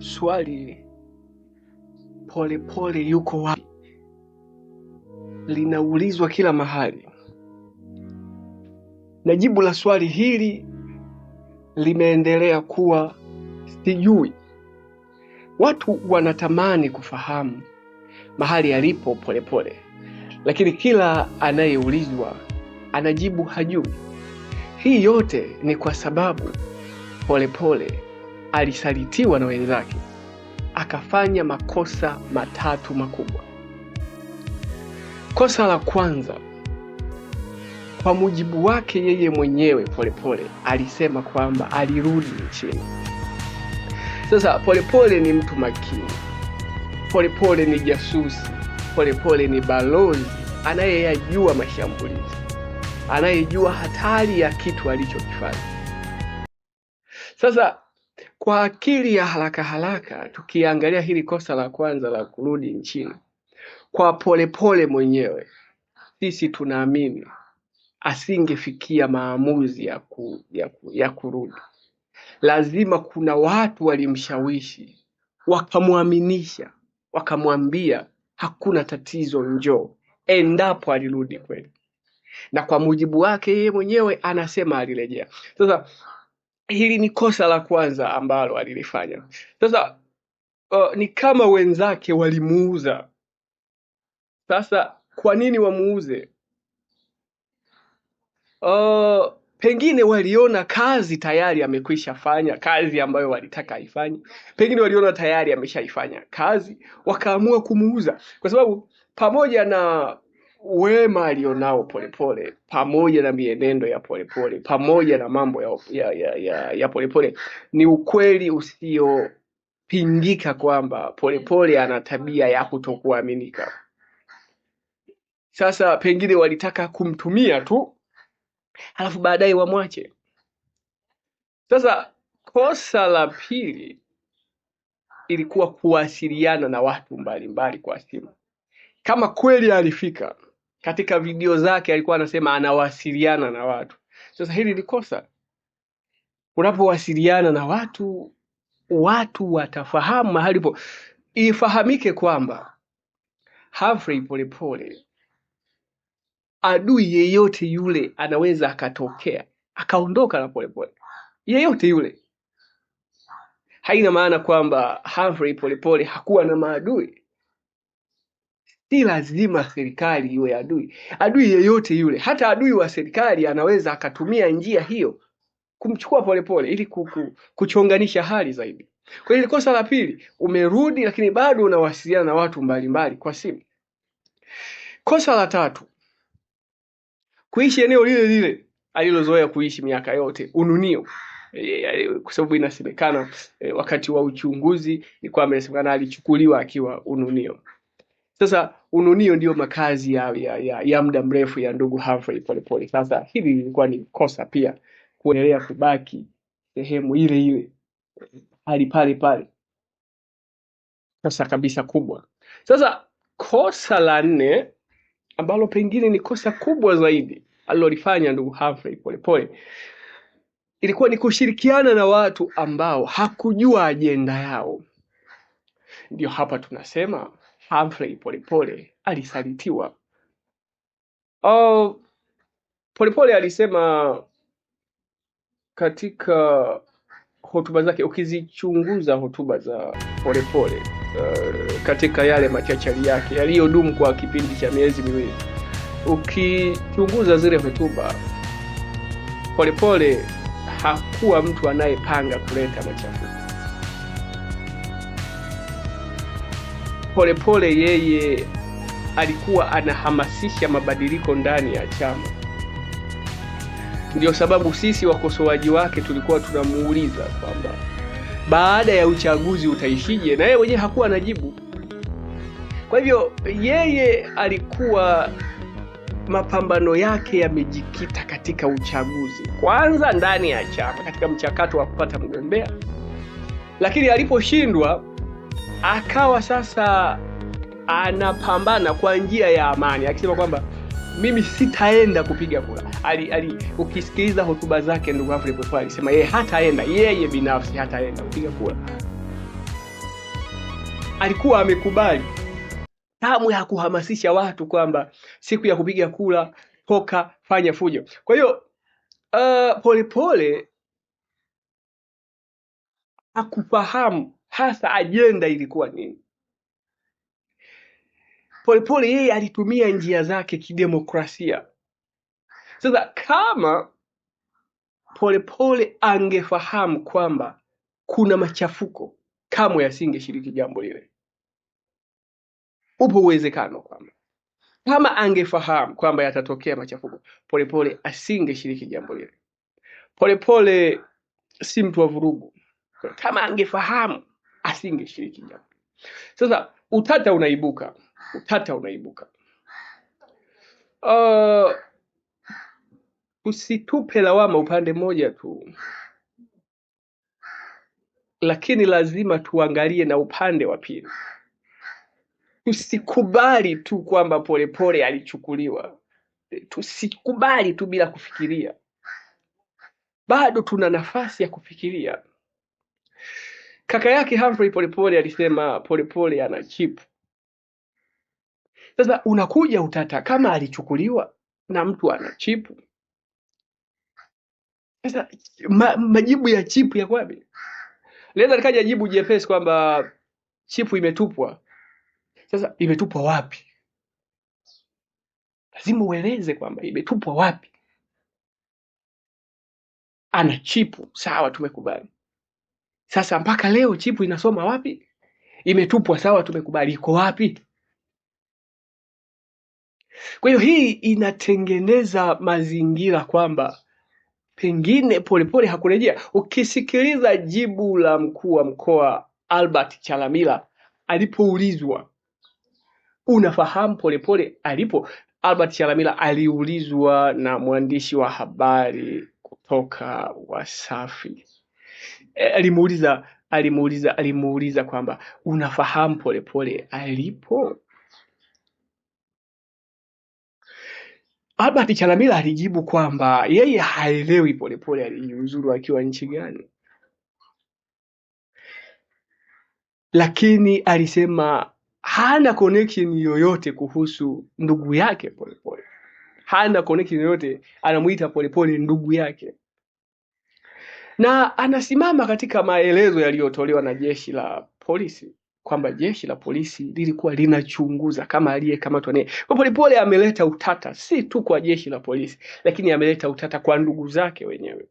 Swali polepole yuko wapi linaulizwa kila mahali, na jibu la swali hili limeendelea kuwa sijui. Watu wanatamani kufahamu mahali alipo Polepole, lakini kila anayeulizwa anajibu hajui. Hii yote ni kwa sababu Polepole alisalitiwa na wenzake, akafanya makosa matatu makubwa. Kosa la kwanza, kwa mujibu wake yeye mwenyewe Polepole pole, alisema kwamba alirudi nchini. Sasa Polepole pole ni mtu makini, Polepole pole ni jasusi, Polepole pole ni balozi anayeyajua mashambulizi, anayejua hatari ya kitu alichokifanya. Sasa kwa akili ya haraka haraka, tukiangalia hili kosa la kwanza la kurudi nchini kwa polepole pole mwenyewe, sisi tunaamini asingefikia maamuzi ya, ku, ya, ku, ya kurudi. Lazima kuna watu walimshawishi, wakamwaminisha, wakamwambia hakuna tatizo, njoo, endapo alirudi kweli. Na kwa mujibu wake yeye mwenyewe anasema alirejea. Sasa hili ni kosa la kwanza ambalo alilifanya. Sasa uh, ni kama wenzake walimuuza. Sasa kwa nini wamuuze? Uh, pengine waliona kazi tayari amekwisha fanya kazi ambayo walitaka aifanye, pengine waliona tayari ameshaifanya kazi, wakaamua kumuuza kwa sababu pamoja na wema alionao Polepole pamoja na mienendo ya Polepole pamoja na mambo ya ya ya, ya, ya Polepole ni ukweli usiopingika kwamba Polepole ana tabia ya kutokuaminika. Sasa pengine walitaka kumtumia tu, halafu baadaye wamwache. Sasa kosa la pili ilikuwa kuwasiliana na watu mbalimbali mbali kwa simu. Kama kweli alifika katika video zake alikuwa anasema anawasiliana na watu. Sasa hili ni kosa. Unapowasiliana na watu, watu watafahamu mahali po. Ifahamike kwamba Humphrey Polepole, adui yeyote yule anaweza akatokea akaondoka na Polepole, yeyote yule. Haina maana kwamba Humphrey Polepole hakuwa na maadui Si lazima serikali iwe adui. Adui yeyote yule, hata adui wa serikali anaweza akatumia njia hiyo kumchukua polepole pole, ili kuku, kuchonganisha hali zaidi. Kwa hiyo kosa la pili, umerudi lakini bado unawasiliana na watu mbalimbali mbali, kwa simu. Kosa la tatu, kuishi eneo lile lile alilozoea kuishi miaka yote, ununio e, e, kwa sababu inasemekana e, wakati wa uchunguzi ni kwamba inasemekana alichukuliwa akiwa ununio. Sasa ununio ndiyo makazi ya ya, ya, ya muda mrefu ya ndugu Humphrey Polepole. Sasa hili lilikuwa ni kosa pia kuendelea kubaki sehemu ile ile hali pale pale, sasa kabisa kubwa. Sasa kosa la nne ambalo pengine ni kosa kubwa zaidi alilolifanya ndugu Humphrey Polepole ilikuwa ni kushirikiana na watu ambao hakujua ajenda yao. Ndio hapa tunasema Humphrey Polepole alisalitiwa Oh, Polepole alisema katika hotuba zake, ukizichunguza hotuba za Polepole uh, katika yale machachari yake yaliyodumu kwa kipindi cha miezi miwili, ukichunguza zile hotuba, Polepole hakuwa mtu anayepanga kuleta machafuko. Polepole yeye alikuwa anahamasisha mabadiliko ndani ya chama. Ndio sababu sisi wakosoaji wake tulikuwa tunamuuliza kwamba baada ya uchaguzi utaishije, na yeye mwenyewe hakuwa na jibu Kwa hivyo yeye alikuwa mapambano yake yamejikita katika uchaguzi kwanza, ndani ya chama, katika mchakato wa kupata mgombea, lakini aliposhindwa akawa sasa anapambana kwa njia ya amani, akisema kwamba mimi sitaenda kupiga kura. Ali, ali ukisikiliza hotuba zake ndugu Humphrey alisema yeye hataenda, yeye binafsi hataenda kupiga kura. Alikuwa amekubali kamwe hakuhamasisha watu kwamba siku ya kupiga kura toka, fanya fujo. Kwa hiyo uh, Polepole hakufahamu hasa ajenda ilikuwa nini. Polepole yeye alitumia njia zake kidemokrasia. Sasa kama Polepole angefahamu kwamba kuna machafuko, kamwe asingeshiriki jambo lile. Upo uwezekano kwamba kama angefahamu kwamba yatatokea machafuko, Polepole asingeshiriki jambo lile. Polepole si mtu wa vurugu. Kama angefahamu asingeshiriki jambo. Sasa utata unaibuka, utata unaibuka. Uh, usitupe lawama upande mmoja tu, lakini lazima tuangalie na upande wa pili. Tusikubali tu kwamba Polepole alichukuliwa, tusikubali tu bila kufikiria. Bado tuna nafasi ya kufikiria. Kaka yake Humphrey Polepole alisema Polepole ana chip. Sasa unakuja utata kama alichukuliwa na mtu ana chip. Sasa ma, majibu ya chipu ya kwapi? Leza likaja jibu jepesi kwamba chipu imetupwa. Sasa imetupwa wapi? Lazima ueleze kwamba imetupwa wapi. Ana chipu, sawa, tumekubali. Sasa mpaka leo chipu inasoma wapi? Imetupwa sawa, tumekubali iko wapi? Kwa hiyo hii inatengeneza mazingira kwamba pengine Polepole hakurejea. Ukisikiliza jibu la mkuu wa mkoa Albert Chalamila alipoulizwa unafahamu Polepole alipo, Albert Chalamila aliulizwa na mwandishi wa habari kutoka Wasafi Eh, alimuuliza alimuuliza alimuuliza kwamba unafahamu Polepole alipo? Albert Chalamila alijibu kwamba yeye haelewi Polepole alijiuzuru akiwa nchi gani, lakini alisema hana connection yoyote kuhusu ndugu yake Polepole, hana connection yoyote, anamuita Polepole ndugu yake na anasimama katika maelezo yaliyotolewa na jeshi la polisi kwamba jeshi la polisi lilikuwa linachunguza kama aliyekamatwa naye. Kwa Polepole ameleta utata si tu kwa jeshi la polisi, lakini ameleta utata kwa ndugu zake wenyewe.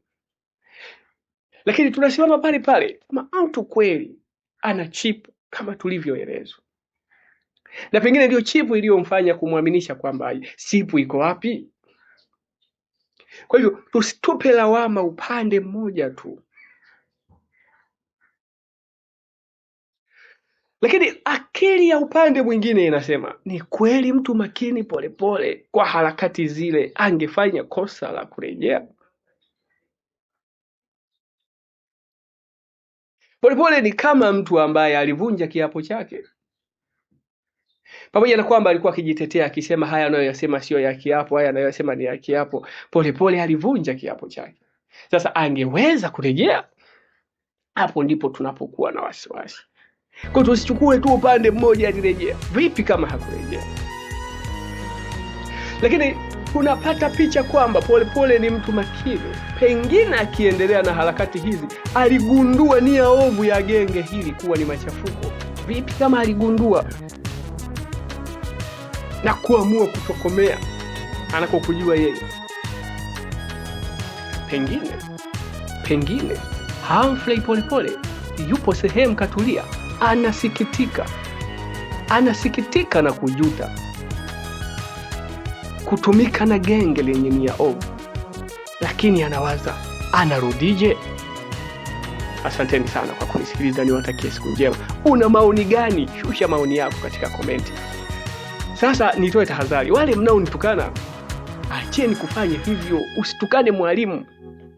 Lakini tunasimama pale pale kama mtu kweli ana chipu kama tulivyoelezwa, na pengine ndiyo chipu iliyomfanya kumwaminisha kwamba sipu iko wapi kwa hivyo tusitupe lawama upande mmoja tu, lakini akili ya upande mwingine inasema ni kweli, mtu makini polepole pole, kwa harakati zile angefanya kosa la kurejea polepole. Ni kama mtu ambaye alivunja kiapo chake pamoja na kwamba alikuwa akijitetea akisema haya anayoyasema sio ya kiapo, haya anayoyasema ni ya kiapo, polepole alivunja kiapo chake. Sasa angeweza kurejea. Hapo ndipo tunapokuwa na wasiwasi, kwa tusichukue tu upande mmoja, alirejea vipi kama hakurejea? Lakini tunapata picha kwamba Polepole ni mtu makini. Pengine akiendelea na harakati hizi, aligundua nia ovu ya genge hili kuwa ni machafuko. Vipi kama aligundua na kuamua kutokomea anakokujua yeye. Pengine pengine hamfrey Polepole yupo sehemu katulia, anasikitika, anasikitika na kujuta kutumika na genge lenye nia ovu, lakini anawaza anarudije? Asanteni sana kwa kunisikiliza, niwatakie siku njema. Una maoni gani? Shusha maoni yako katika komenti. Sasa nitoe tahadhari, wale mnaonitukana, acheni kufanya hivyo. Usitukane mwalimu,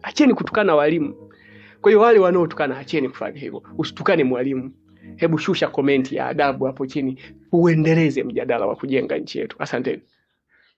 acheni kutukana walimu. Kwa hiyo wale wanaotukana, acheni kufanya hivyo, usitukane mwalimu. Hebu shusha komenti ya adabu hapo chini, uendeleze mjadala wa kujenga nchi yetu. Asanteni.